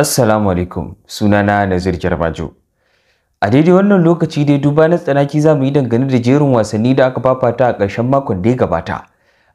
Assalamu alaikum sunana Nazir Jarbajo. A daidai wannan lokaci dai duba na tsanaki za mu yi dangane da jerin wasanni da aka fafata a ƙarshen makon da ya gabata.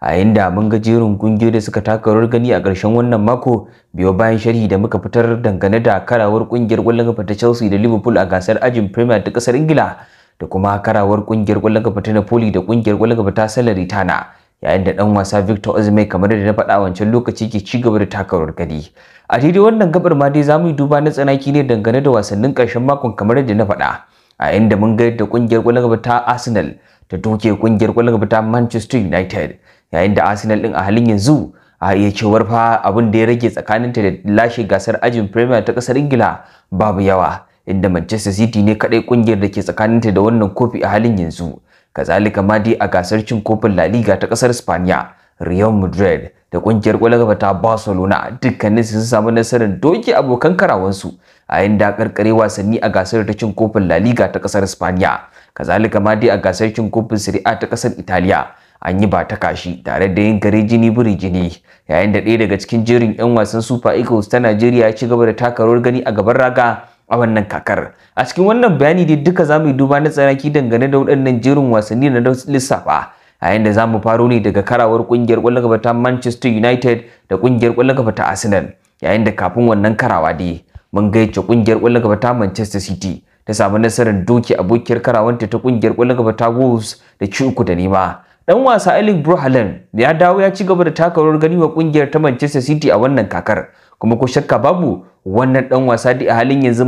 A inda mun ga jerin ƙungiyoyi da suka taka rawar gani a ƙarshen wannan mako biyo bayan sharhi da muka fitar dangane da karawar ƙungiyar ƙwallon kafa ta Chelsea da Liverpool a gasar ajin Premier ta ƙasar Ingila da kuma karawar ƙungiyar ƙwallon kafa ta Napoli da ƙungiyar ƙwallon kafa ta Salernitana. yayin da dan wasa Victor Osimhen kamar da na faɗa wancan lokaci ke ci gaba da taka rawar gani a daidai wannan gabar ma dai zamu yi duba na tsanaki ne dangane da wasannin ƙarshen makon kamar da na faɗa a inda mun ga yadda kungiyar ƙwallon gaba ta Arsenal ta doke kungiyar ƙwallon gaba ta Manchester United yayin da Arsenal din a halin yanzu a iya cewar fa abin da ya rage tsakaninta da lashe gasar ajin Premier ta kasar Ingila babu yawa inda Manchester City ne kadai kungiyar da ke tsakaninta da wannan kofi a halin yanzu kazalika ma a gasar cin kofin La Liga ta kasar Spaniya Real Madrid da kungiyar kwallon ta Barcelona dukkanin su samu nasarar doki abokan karawansu a yayin da karkare wasanni a gasar ta cin kofin La Liga ta kasar Spaniya kazalika ma a gasar cin kofin Serie A ta kasar Italiya an yi ba ta kashi tare da yin gare jini buri jini yayin da ɗaya daga cikin jerin 'yan wasan Super Eagles ta Najeriya ya ci gaba da taka rawar gani a gaban raga a wannan kakar a cikin wannan bayani dai duka za mu yi duba na tsaraki dangane da waɗannan jerin wasanni na lissafa a yayin da za mu faro ne daga karawar ƙungiyar ƙwallon ta Manchester United da ƙungiyar ƙwallon ta Arsenal yayin da kafin wannan karawa dai mun gayyace ƙungiyar ƙwallon kafa ta Manchester City ta samu nasarar doki abokiyar karawanta ta ƙungiyar ƙwallon kafa ta Wolves da ci uku da nema dan wasa Erling Brohalen ya dawo ya ci gaba da taka gani wa kungiyar ta Manchester City a wannan kakar kuma ko shakka babu wannan dan wasa da a halin yanzu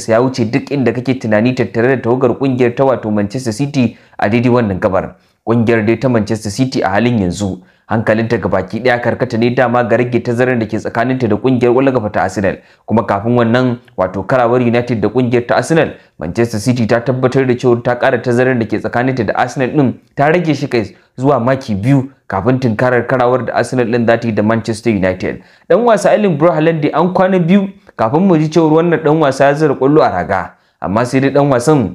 sa ya wuce duk inda kake tunani tattare da tawagar kungiyar ta wato Manchester City a daidai wannan gabar. Kungiyar dai ta Manchester City a halin yanzu hankalinta ga baki daya karkata ne dama ga rage tazarar da ke tsakaninta da kungiyar walgafa ta Arsenal kuma kafin wannan wato karawar United da kungiyar ta Arsenal Manchester City ta tabbatar da cewa ta kara tazarar da ke tsakaninta da Arsenal din ta rage shi kai zuwa maki biyu kafin tunkarar karawar da Arsenal din zata yi da Manchester United dan wasa Erling Haaland an kwana biyu kafin mu ji cewa wannan dan wasa ya zira kwallo a raga amma sai dai dan wasan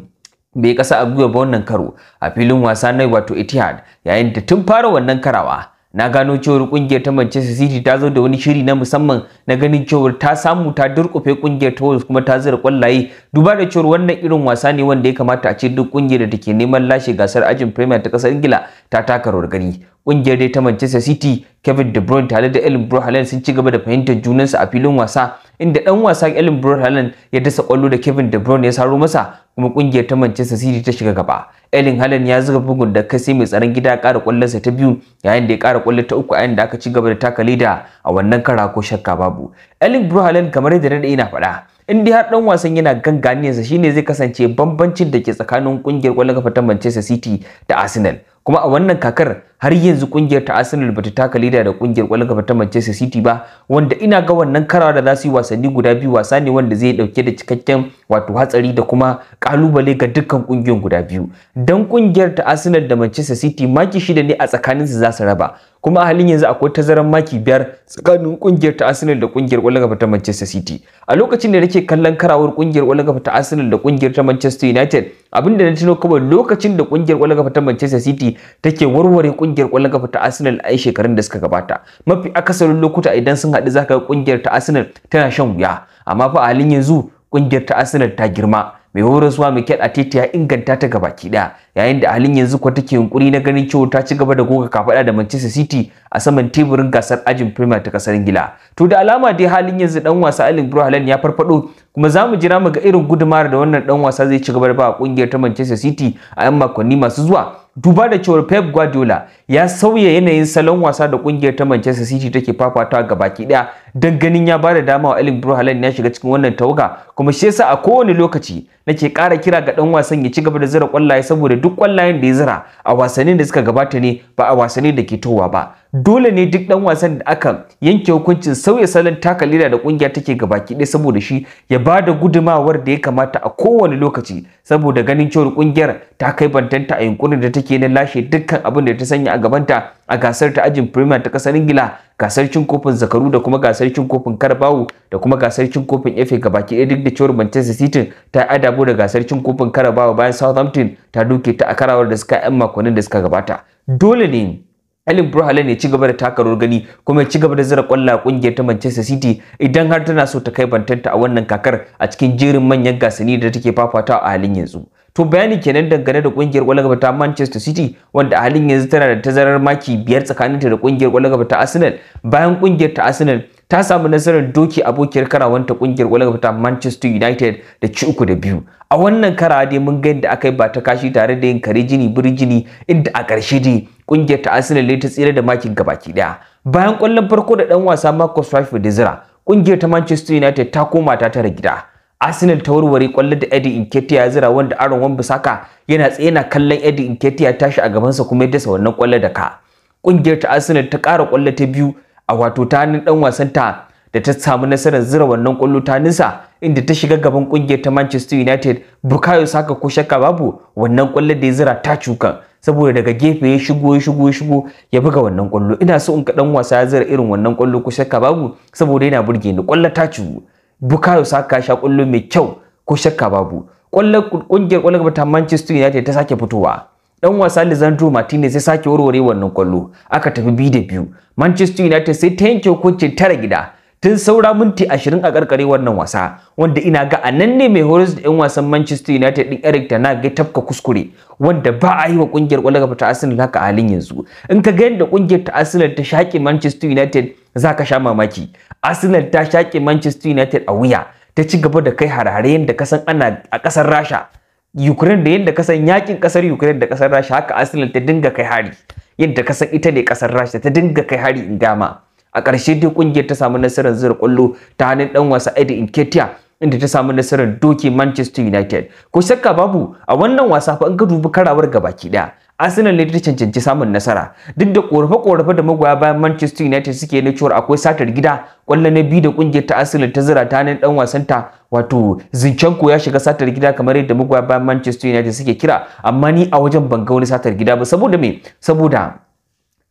bai kasa a gwiwa ba wannan karo a filin wasa na wato Etihad yayin da tun fara wannan karawa na gano cewar kungiyar ta Manchester City ta zo da wani shiri na musamman na ganin cewar ta samu ta durkufe kungiyar ta Wolves kuma ta zira kwallaye duba da cewar wannan irin wasa ne wanda ya kamata a ce duk kungiyar da take neman lashe gasar ajin Premier ta kasar Ingila ta taka rawar gani kungiyar dai ta Manchester City, Kevin De Bruyne tare da Ellen Haaland sun ci gaba da fahimtar junansu a filin wasa, inda dan wasa Ellen Haaland ya dasa kwallo da Kevin De Bruyne ya saro masa, kuma ƙungiyar ta Manchester City ta shiga gaba. Ellen Haaland ya zuga bugun da kasi mai tsaron gida ƙara sa ta biyu, yayin da ya ƙara kwallon ta uku yayin da aka ci gaba da taka leda a wannan kara ko shakka babu. Ellen Haaland kamar yadda na ina faɗa, in dai har dan wasan yana ganganiyarsa shine zai kasance bambancin da ke tsakanin kungiyar kwallon kafa ta Manchester City da Arsenal kuma a wannan kakar har yanzu kungiyar ta Arsenal bata taka leda da kungiyar kwallon ta Manchester City ba wanda ina ga wannan karawa da za su yi wasanni guda biyu wasa ne wanda zai dauke da cikakken wato hatsari da kuma kalubale ga dukkan kungiyoyin guda biyu dan kungiyar ta Arsenal da Manchester City maki shida ne a tsakanin su za su raba kuma a halin yanzu akwai tazaran maki biyar tsakanin kungiyar ta Arsenal da kungiyar ƙwallon gaba ta Manchester City a lokacin da nake kallon karawar kungiyar ƙwallon gaba ta Arsenal da kungiyar ta Manchester United abin da na tuno kawai lokacin da kungiyar ƙwallon gaba ta Manchester City take warware kungiyar ƙwallon gaba ta Arsenal a shekarun da suka gabata mafi akasarin lokuta idan sun haɗu zaka ga kungiyar ta Arsenal tana shan wuya amma fa a halin yanzu kungiyar ta Arsenal ta girma mai horaswa kyan atete ya inganta ta gabaki daya yayin da halin yanzu kuwa take yunkuri na ganin cewa ta ci gaba da goga kafada da Manchester City a saman teburin gasar ajin Premier ta kasar Ingila to da alama dai halin yanzu dan wasa alin Haaland ya farfado kuma za mu jira mu ga irin gudumar da wannan dan wasa zai ci gaba da ba kungiyar ta Manchester City a yan makonni masu zuwa duba da cewar Pep Guardiola ya sauya yanayin salon wasa da kungiyar ta Manchester City take fafatawa gabaki daya don ganin ya bada dama wa Alin Burhalan ya shiga cikin wannan tawaga kuma shi yasa a kowane lokaci nake ƙara kira ga dan wasan ya ci gaba da zira kwallaye saboda duk kwallayen da ya zira a wasannin da suka gabata ne ba a wasannin da ke towa ba dole ne duk dan wasan da aka yanke hukuncin sauya salon taka da kungiya take gabaki ɗaya saboda shi ya bada gudumawar da ya kamata a kowane lokaci saboda ganin cewar kungiyar ta kai bantanta a yunkurin da take na lashe dukkan abin da ta sanya a gabanta a gasar ta ajin Premier ta kasar Ingila gasar cin kofin zakaru da kuma gasar cin kofin karabawo da kuma gasar cin kofin ga gabaki ɗaya duk da cewar Manchester City ta adabo da gasar cin kofin karabawo bayan Southampton ta duke ta a karawar da suka yan makonnin da suka gabata dole ne Alin Burhalen ya ci gaba da taka gani kuma ya ci gaba da zira kwallo kungiyar ta Manchester City idan har tana so ta kai bantanta a wannan kakar a cikin jerin manyan gasani da take fafatawa a halin yanzu. to bayani kenan dangane da kungiyar kwallon gaba ta Manchester City wanda a halin yanzu tana da tazarar maki biyar tsakaninta da kungiyar kwallon gaba ta Arsenal bayan kungiyar ta Arsenal ta samu nasarar doki abokiyar karawanta kungiyar kwallon gaba ta Manchester United da ci uku da biyu a wannan kara dai mun ga yadda aka yi ba ta kashi tare da yin kare jini birjini inda a ƙarshe dai kungiyar ta Arsenal ne ta tsira da makin gabaki daya bayan kwallon farko da dan wasa Marcus Rashford da zira kungiyar ta Manchester United ta koma ta tara gida Arsenal ta warware kwallo da Eddie Nketiah ya zira wanda Aaron Wan-Bissaka yana tsaye na kallon Eddie Nketiah tashi a sa kuma ya dasa wannan kwallo da ka. Kungiyar ta Arsenal ta ƙara kwallo ta biyu a wato ta hannun dan wasan ta da ta samu nasarar zira wannan kwallo ta nisa inda ta shiga gaban kungiyar ta Manchester United Bukayo Saka ko shakka babu wannan kwallo da ya zira ta cuka saboda daga gefe ya shigo ya shigo ya shigo ya buga wannan kwallo ina so in ka dan wasa ya zira irin wannan kwallo ko shakka babu saboda yana burge ni kwallo ta cuka bukayo saka sha kullu mai kyau ko shakka babu kungiyar kwallon ta Manchester United ta sake fitowa dan wasa Lisandro Martinez sai sake warware wannan kwallo aka tafi 2 da biyu Manchester United sai ta yanke hukuncin tara gida tun saura minti 20 a karkare wannan wasa wanda ina ga anan ne mai horis da 'yan wasan Manchester United din Eric Ten Hag tafka kuskure wanda ba a yi wa kungiyar kwallon kafa ta Arsenal haka halin yanzu in ka ga yadda kungiyar ta Arsenal ta shaƙe Manchester United zaka sha mamaki Arsenal ta shaƙe Manchester United a wuya ta ci gaba da kai harare yadda kasan ana a kasar Rasha Ukraine da yadda kasan yakin kasar Ukraine da kasar Rasha haka Arsenal ta dinga kai hari yadda kasan ita ne kasar Rasha ta dinga kai hari in dama a ƙarshe dai ƙungiyar ta samu nasarar zira ƙwallo ta hannun ɗan wasa Eddie Nketiah inda ta samu nasarar doke Manchester United. Ko shakka babu a wannan wasa fa in ka dubi karawar gabaki daya. Arsenal ne ta cancanci samun nasara duk da korafe-korafe da magoya bayan Manchester United suke na cewa akwai satar gida kwallo na biyu da kungiyar ta Arsenal ta zira ta hannun dan wasan ta wato Zinchenko ya shiga satar gida kamar yadda magoya bayan Manchester United suke kira amma ni a wajen ban ga wani satar gida ba saboda me saboda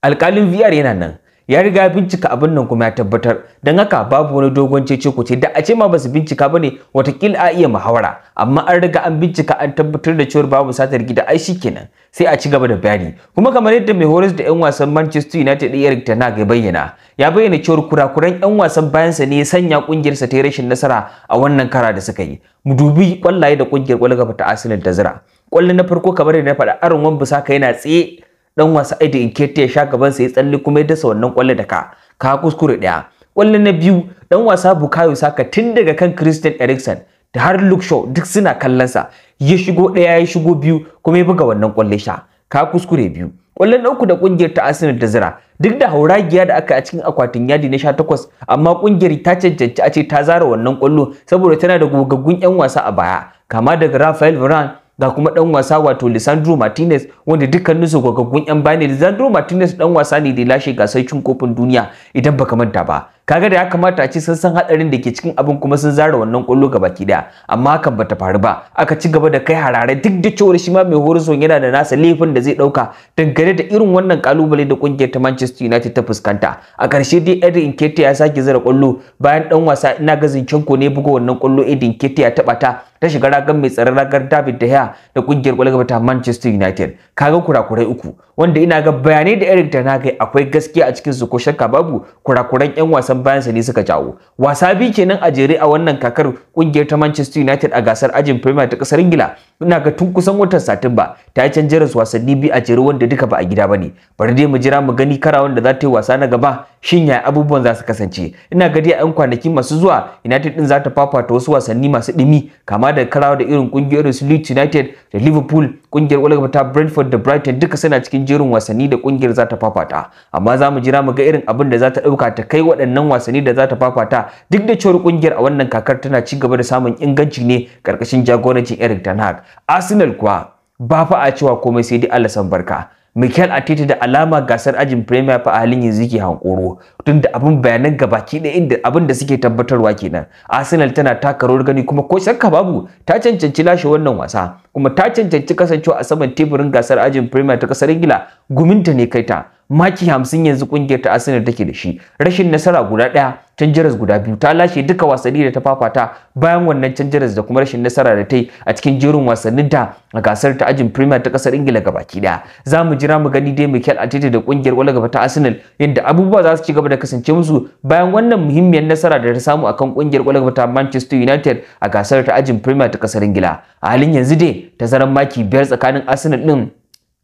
alƙalin VR yana nan ya riga bincika abin nan kuma ya tabbatar don haka babu wani dogon cece ku ce da a ce ma basu bincika ba bane watakila a iya muhawara amma an riga an bincika an tabbatar da cewar babu satar gida ai shi kenan, sai a ci gaba da bayani kuma kamar yadda mai horas da 'yan wasan Manchester United Eric Ten Hag ya bayyana ya bayyana cewar kurakuran 'yan wasan bayansa ne ya sanya kungiyarsa ta rashin nasara a wannan kara da suka yi mu dubi kwallaye da kungiyar kwallon gaba ta Arsenal ta zira kwallo na farko kamar yadda na faɗa Aaron Wan-Bissaka yana tsaye dan wasa Aidin Nketiah ya sha gaban sa ya tsalle kuma ya dasa wannan kwallo da ka ka kuskure daya kwallo na biyu dan wasa Bukayo Saka tun daga kan Christian Eriksen da har Luke Shaw duk suna kallon sa ya shigo daya ya shigo biyu kuma ya buga wannan kwallo sha ka kuskure biyu na uku da kungiyar ta Arsenal da zira duk da hauragiya da aka a cikin akwatin yadi na 18 amma kungiyar ta cancanci a ce ta zara wannan kwallo saboda tana da gogaggun yan wasa a baya kama daga Rafael Varane ga kuma dan wasa wato Lisandro Martinez wanda dukkanin su gwagaggun yan bayani Lisandro Martinez dan wasa ne da lashe gasar cin kofin duniya idan baka manta ba kaga da ya kamata a ce sun san hadarin da ke cikin abin kuma sun zara wannan kwallo ga baki daya amma hakan bata faru ba aka ci gaba da kai harare duk da cewar shi ma mai horizon yana da nasa laifin da zai dauka dangane da irin wannan kalubale da kungiyar ta Manchester United ta fuskanta a ƙarshe dai Edin Ketia ya sake zara kwallo bayan dan wasa ina ga Zinchenko ne buga wannan kwallo Edin Ketia ta bata ta shiga ragar mai tsaron ragar David De Gea da kungiyar kwallo ta Manchester United kaga kurakurai uku wanda ina ga bayanai da Eric Ten Hag akwai gaskiya a cikin su ko shakka babu kurakuran yan wasan bayan sa ne suka jawo wasa bi kenan a jere a wannan kakar kungiyar ta Manchester United a gasar ajin Premier ta kasar Ingila ina ga tun kusan watan Satumba ta yi canjin wasanni bi a jere wanda duka ba a gida bane bari dai mu jira mu gani kara wanda za ta yi wasa na gaba shin ya abubuwan za su kasance ina gadi a 'yan kwanaki masu zuwa united din za ta fafata wasu wasanni masu dimi kama da karawa da irin kungiyoyin su leeds united da liverpool kungiyar kwallon ta brentford da brighton duka suna cikin jerin wasanni da kungiyar za ta fafata amma za mu jira mu ga irin abin da za ta ɗauka ta kai waɗannan wasanni da za ta fafata duk da cewar kungiyar a wannan kakar tana ci gaba da samun inganci ne karkashin jagorancin eric ten hag arsenal kuwa ba fa a cewa komai sai dai allah san barka Mikel Arteta da alama gasar ajin Premier fa a halin yanzu ke hankoro tunda abin bayanan gabaki ɗaya inda abin da suke tabbatarwa kenan. Arsenal tana taka rawar gani kuma ko shakka babu ta cancanci lashe wannan wasa kuma ta cancanci kasancewa a saman teburin gasar ajin Premier ta kasar Ingila guminta ne kai ta maki hamsin yanzu kungiyar ta Arsenal take da shi rashin nasara guda daya canjaras guda biyu ta lashe duka wasanni da ta fafata bayan wannan canjaras da kuma rashin nasara da ta yi a cikin jerin wasannin ta a gasar ta ajin Premier ta kasar Ingila gabaki daya za mu jira mu gani dai Mikel Arteta da kungiyar wala gaba ta Arsenal yadda abubuwa za su ci gaba da kasance musu bayan wannan muhimmiyar nasara da ta samu akan kungiyar wala gaba ta Manchester United a gasar ta ajin Premier ta kasar Ingila a halin yanzu dai ta zaran maki biyar tsakanin Arsenal din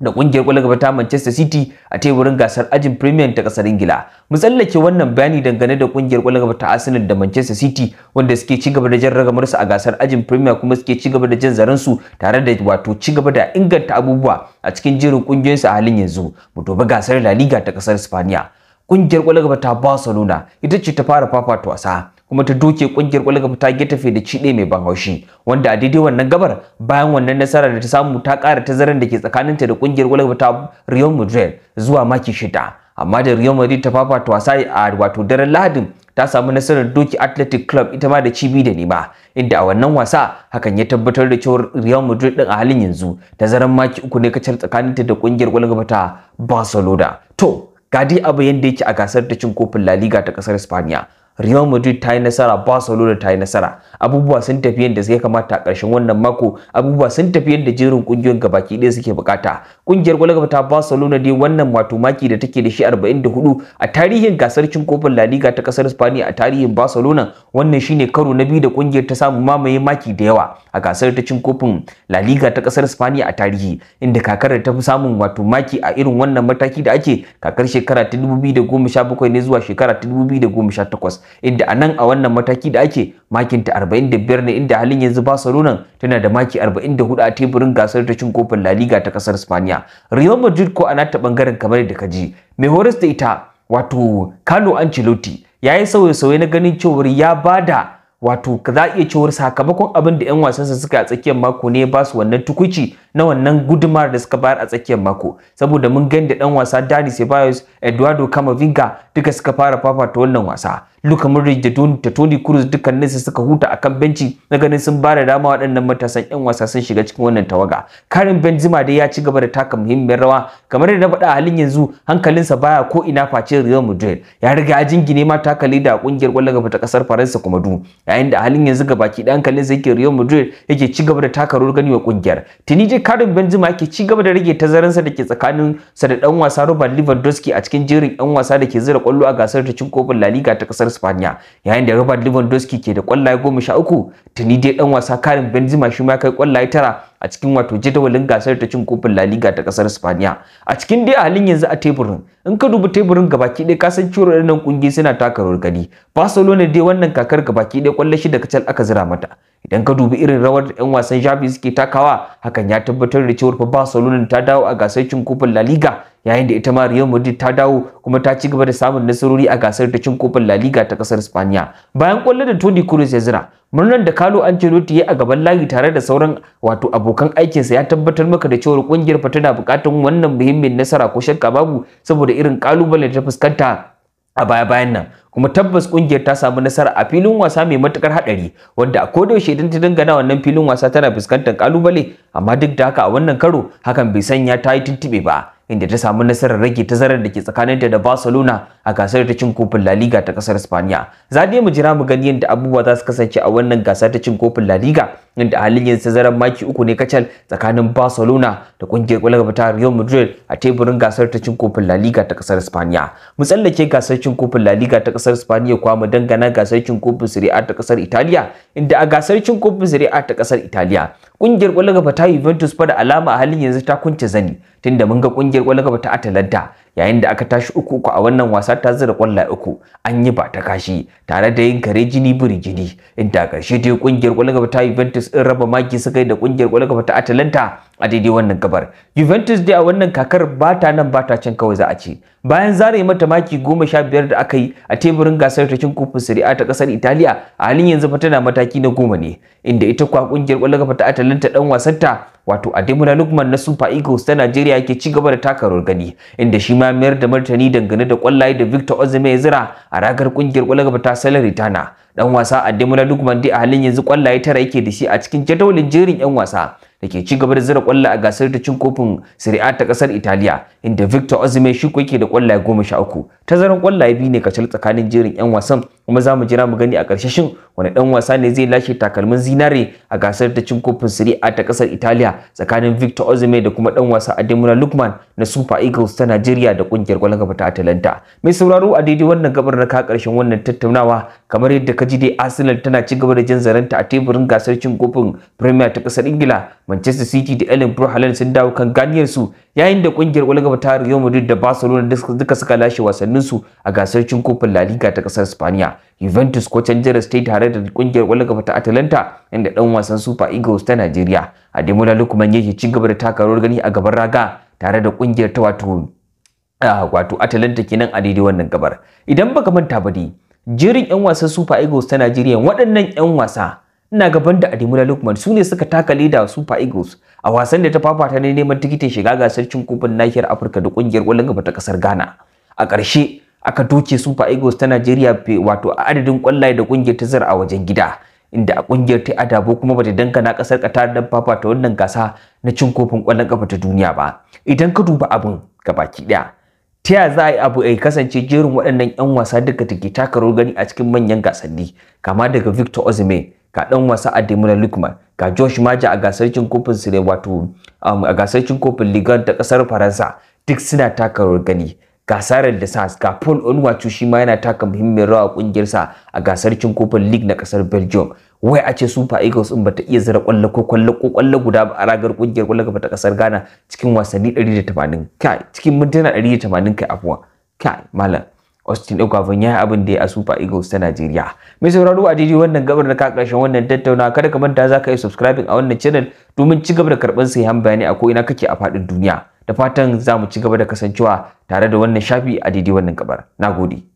da kungiyar kwallon gaba ta Manchester City a teburin gasar ajin Premier ta kasar Ingila. Mu tsallake wannan bayani dangane da kungiyar kwallon gaba ta Arsenal da Manchester City wanda suke ci gaba da jan ragamar a gasar ajin Premier kuma suke ci gaba da jan zaren su tare da wato ci gaba da inganta abubuwa a cikin jerin kungiyoyin su a halin yanzu. Mu dubi gasar La Liga ta kasar Spaniya. Kungiyar kwallon gaba ta Barcelona ita ce ta fara fafata wasa kuma ta doke kungiyar kwallon ta ta tafi da ci mai ban haushi wanda a daidai wannan gabar bayan wannan nasara da ta samu ta ƙara tazaran da ke tsakanin ta da kungiyar kwallon ta Real Madrid zuwa maki shida amma da Real Madrid ta fafata wasa a wato daren Lahadin ta samu nasarar doki Athletic Club ita ma da cibi da nema inda a wannan wasa hakan ya tabbatar da cewar Real Madrid din a halin yanzu tazaran maki uku ne kacal ta da kungiyar kwallon ta Barcelona to ga dai abu yanda yake a gasar da cin kofin La Liga ta kasar Spaniya Real Madrid ta yi nasara, Barcelona ta yi nasara. Abubuwa sun tafi yadda suke kamata a ƙarshen wannan mako, abubuwa sun tafi yadda jerin ƙungiyoyin gabaki ɗaya suke bukata. Ƙungiyar gwalgaba ta Barcelona dai wannan wato maki da take da shi 44 a tarihin gasar cin kofin La Liga ta kasar Spain a tarihin Barcelona wannan shine karo na biyu da ƙungiyar ta samu mamaye maki da yawa a gasar ta cin kofin La Liga ta kasar Spain a tarihi inda kakar ta fi samun wato maki a irin wannan mataki da ake kakar shekara ta 2017 ne zuwa shekara ta 2018. inda a nan a wannan mataki da ake makinta 45 ne inda halin yanzu Barcelona tana da maki 44 a teburin gasar ta cin kofin La Liga ta kasar Spaniya. Real Madrid ko ana ta bangaren kamar da kaji. Mai horas da ita wato Carlo Ancelotti ya yi sauye-sauye na ganin cewar ya bada wato za a iya cewar sakamakon abin da 'yan wasansa suka a tsakiyar mako ne ba su wannan tukuci na wannan gudumar da suka bayar a tsakiyar mako saboda mun gani da dan wasa Dani Ceballos Eduardo Camavinga duka suka fara fafata wannan wasa Luka Modric da Toni Kroos dukkanin su suka huta akan benci na ganin sun bada dama waɗannan matasan ƴan wasa sun shiga cikin wannan tawaga Karim Benzema dai ya ci gaba da taka muhimmiyar rawa kamar da na faɗa a halin yanzu hankalinsa baya ko ina face Real Madrid ya riga ya jingine ma taka da a kungiyar kwallon gaba ta kasar Faransa kuma du yayin da a halin yanzu gabaki da hankalinsa yake Real Madrid yake ci gaba da taka rawar gani wa kungiyar Tuni karin Benzema ke ci gaba da rage tazaransa da ke tsakanin sa da dan wasa Robert Lewandowski a cikin jerin yan wasa da ke zira kwallo a gasar ta cin kofin La Liga ta kasar Spaniya yayin da Robert Lewandowski ke da kwallaye 13 tuni dai dan wasa karin Benzema shi ma kai kwallaye tara a cikin wato jadawalin gasar ta cin kofin La Liga ta kasar Spaniya a cikin dai halin yanzu a teburin in ka dubi teburin gabaki ɗaya ka san cewa waɗannan kungiyoyi suna taka rawar gani Barcelona dai wannan kakar gabaki ɗaya kwallo shida kacal aka zira mata idan ka dubi irin rawar da 'yan wasan Xavi suke takawa hakan ya tabbatar da cewar fa Barcelona ta dawo a gasar cin kofin La Liga yayin da ita ma Real Madrid ta dawo kuma ta ci gaba da samun nasarori a gasar ta cin kofin La Liga ta kasar Spaniya bayan kwallo da Toni Kroos ya zira murnar da Carlo Ancelotti ya a gaban layi tare da sauran wato abokan aikinsa ya tabbatar maka da cewar kungiyar fa tana bukatar wannan muhimmin nasara ko shakka babu saboda irin kalubalen da ta fuskanta a baya-bayan nan kuma tabbas kungiyar ta samu nasara a filin wasa mai matukar hadari wanda a yaushe idan ta na wannan filin wasa tana fuskantar kalubale amma duk da haka a wannan karo hakan bai sanya ta yi tuntube ba inda ta samu nasarar rage tazarar da ke tsakaninta da Barcelona a gasar ta cin kofin La Liga ta kasar Spaniya. Za dai mu jira mu gani yadda abubuwa za su kasance a wannan gasar ta cin kofin La Liga inda halin yanzu tazarar maki uku ne kacal tsakanin Barcelona da kungiyar kwallon ta Real Madrid a teburin gasar ta cin kofin La Liga ta kasar Spaniya. Mu tsallake gasar cin kofin La Liga ta kasar Spaniya kuwa mu dangana gasar cin kofin Serie A ta kasar Italiya inda a gasar cin kofin Serie A ta kasar Italiya Kungiyar kwallon gaba ta Juventus fa da alama a halin yanzu ta kunce zani tunda mun ga kungiyar kwallon gaba ta Atalanta yayin da aka tashi uku uku a wannan wasa ta zira ƙwallaye uku an yi bata kashi tare da yin kare jini buri jini inda ƙarshe dai kungiyar kwallon gaba ta Juventus in raba maki suka yi da kungiyar kwallon gaba ta Atalanta a daidai wannan gabar Juventus dai a wannan kakar ba ta nan ba ta can kawai za a ce bayan zare mata maki goma sha biyar da aka yi a teburin gasar ta cin kofin Serie A ta kasar Italiya a halin yanzu fa tana mataki na goma ne inda ita kwa kungiyar kwallon kafa ta Atalanta dan wasan ta wato Ademola Lukman na Super Eagles ta Najeriya ke ci gaba da taka rawar gani inda shi ma mayar da martani dangane da kwallaye da Victor Osimhen ya zira a ragar kungiyar kwallon kafa ta Salernitana dan wasa Ademola Lukman dai a halin yanzu kwallaye tara yake da shi a cikin jadawalin jerin yan wasa da ke ci gaba da zira kwallo a gasar ta cin kofin Serie A ta kasar Italiya inda Victor Osimhen shi ko yake da kwallaye goma sha uku tazaran kwallaye biyu ne kacal tsakanin jerin yan wasan kuma za mu jira mu gani a ƙarshe shin wani dan wasa ne zai lashe takalmin zinare a gasar ta cin kofin Serie A ta kasar Italiya tsakanin Victor Osimhen da kuma Ɗan wasa Ademola Lookman na Super Eagles ta Najeriya da ƙungiyar kwallon gaba ta Atalanta mai sauraro a daidai wannan gabar na ka ƙarshen wannan tattaunawa kamar yadda ka ji dai Arsenal tana ci gaba da jin zaranta a teburin gasar cin kofin Premier ta kasar Ingila Manchester City da Ellen Pro Halal sun dawo kan ganiyar su yayin da kungiyar Olga ta Real Madrid da Barcelona duka suka lashe wasannin su a gasar cin kofin La Liga ta kasar Spaniya. Juventus ko da State tare da kungiyar Olga ta Atalanta inda dan wasan Super Eagles ta Najeriya Ademola Lukman yake ci gaba da taka rawar gani a gaban raga tare da kungiyar ta wato wato Atalanta kenan a daidai wannan gabar. Idan baka manta ba dai jerin 'yan wasan Super Eagles ta Najeriya waɗannan 'yan wasa ina gaban da Ademola Lukman su ne suka taka leda Super Eagles a wasan da ta fafata ne neman tikitin shiga gasar cin kofin nahiyar Afirka da kungiyar kwallon gaba ta ƙasar Ghana. A ƙarshe aka doke Super Eagles ta Najeriya wato a adadin kwallaye da kungiyar ta zara a wajen gida. Inda a kungiyar ta adabo kuma bata dangana kasar Qatar da fafata wannan gasa na cin kofin ƙwallon gaba ta duniya ba. Idan ka duba abin gabaki ɗaya. ta ya za a yi abu ya kasance jerin waɗannan 'yan wasa duka take taka rawar gani a cikin manyan gasanni kama daga Victor Osimhen ga dan wasa Ademola Lukman ga Josh Maja a gasar cin kofin Sire wato um, a gasar cin kofin Ligue ta kasar Faransa duk suna taka rawar gani gasarar da SAS ga Paul Onwuachu shi ma yana taka muhimmin rawa kungiyar sa a gasar cin kofin League na kasar Belgium wai a ce Super Eagles din bata iya zira kwallo ko kwallo ko kwallo guda ba a ragar kungiyar kwallo gaba ta kasar Ghana cikin wasanni 180 kai cikin mintuna 180 kai afuwa kai malam Austin Ekwafin ya yi abin da ya a Super Eagles ta Najeriya. Mai sauraro a daidai wannan gabar da ka karshen wannan tattaunawa kada ka manta za ka yi subscribing a wannan channel domin ci gaba da karɓar sayan bayani a ko ina kake a faɗin duniya. Da fatan za mu ci gaba da kasancewa tare da wannan shafi a daidai wannan gabar. Na gode.